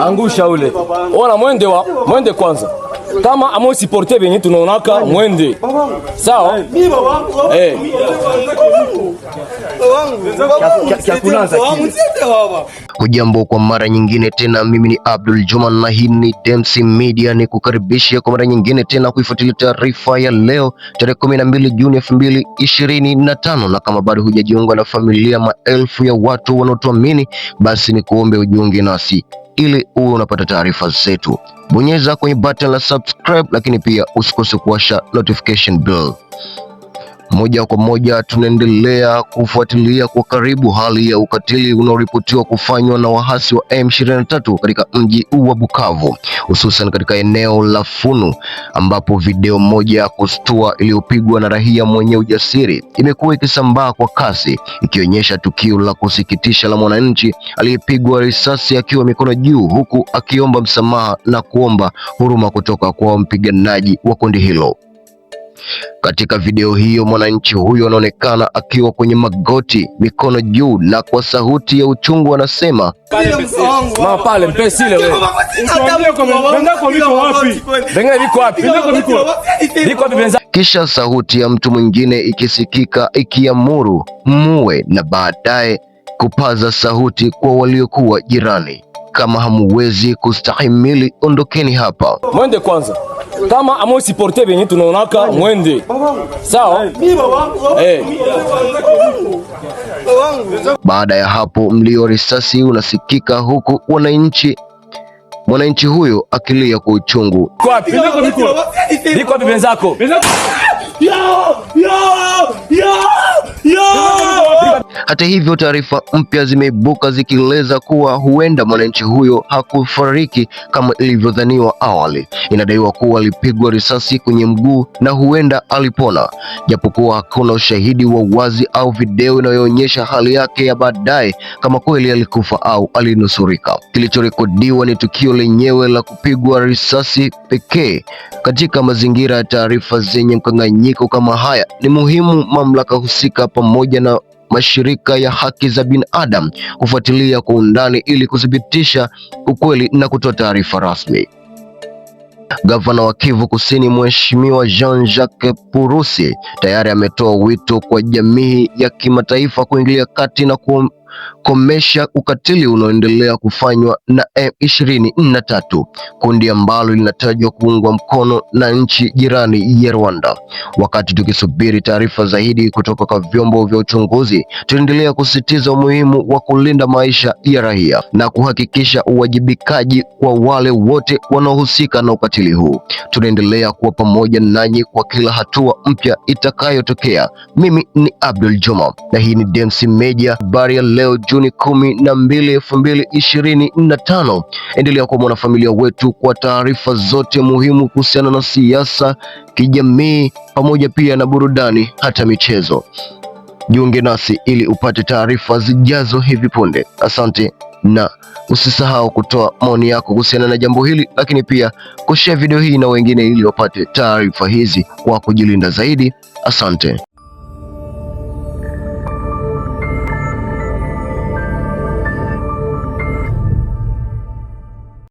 angusha ule, ona mwende wa mwende kwanza kama amosiporte venye tunaonaka mwende sawa eh. Hujambo kwa mara nyingine tena, mimi ni Abdul Juman na hii ni Dems Media, ni kukaribisha kwa mara nyingine tena kuifuatilia taarifa ya leo tarehe 12 Juni 2025, na kama bado hujajiunga na familia maelfu ya watu wanaotuamini, basi ni kuombe ujiunge nasi ili uwe unapata taarifa zetu bonyeza kwenye button la subscribe, lakini pia usikose kuwasha notification bell. Moja kwa moja tunaendelea kufuatilia kwa karibu hali ya ukatili unaoripotiwa kufanywa na waasi wa M23 katika mji wa Bukavu, hususan katika eneo la Funu, ambapo video moja ya kustua iliyopigwa na raia mwenye ujasiri imekuwa ikisambaa kwa kasi, ikionyesha tukio la kusikitisha la mwananchi aliyepigwa risasi akiwa mikono juu, huku akiomba msamaha na kuomba huruma kutoka kwa mpiganaji wa kundi hilo. Katika video hiyo mwananchi huyo anaonekana akiwa kwenye magoti, mikono juu, na kwa sauti ya uchungu anasema kisha sauti ya mtu mwingine ikisikika ikiamuru muwe, na baadaye kupaza sauti kwa waliokuwa jirani, kama hamuwezi kustahimili ondokeni hapa, mwende kwanza kama amosi porte benye tunaonaka mwende sawa. Eh. baada ya hapo mlio risasi unasikika huku wananchi mwananchi huyo akilia kwa uchungu. Biko wapi wenzako? Hata hivyo, taarifa mpya zimeibuka zikieleza kuwa huenda mwananchi huyo hakufariki kama ilivyodhaniwa awali. Inadaiwa kuwa alipigwa risasi kwenye mguu na huenda alipona, japokuwa hakuna ushahidi wa wazi au video inayoonyesha hali yake ya baadaye kama kweli alikufa au alinusurika. Kilichorekodiwa ni tukio lenyewe la kupigwa risasi pekee. Katika mazingira ya taarifa zenye mkanganyiko kama haya, ni muhimu mamlaka husika pamoja na mashirika ya haki za binadamu kufuatilia kwa undani ili kuthibitisha ukweli na kutoa taarifa rasmi. Gavana wa Kivu Kusini Mheshimiwa Jean-Jacques Purusi tayari ametoa wito kwa jamii ya kimataifa kuingilia kati na kukomesha ukatili unaoendelea kufanywa na M23, kundi ambalo linatajwa kuungwa mkono na nchi jirani ya Rwanda. Wakati tukisubiri taarifa zaidi kutoka kwa vyombo vya uchunguzi, tunaendelea kusisitiza umuhimu wa kulinda maisha ya raia na kuhakikisha uwajibikaji kwa wale wote wanaohusika na ukatili huu. Tunaendelea kuwa pamoja nanyi kwa kila hatua mpya itakayotokea. Mimi ni Abdul Juma na hii ni Dems Media habari ya leo leo Juni kumi na mbili elfu mbili ishirini na tano. Endelea kuwa mwanafamilia wetu kwa taarifa zote muhimu kuhusiana na siasa, kijamii, pamoja pia na burudani, hata michezo. Jiunge nasi ili upate taarifa zijazo hivi punde. Asante na usisahau kutoa maoni yako kuhusiana na jambo hili, lakini pia kushare video hii na wengine ili wapate taarifa hizi kwa kujilinda zaidi. Asante.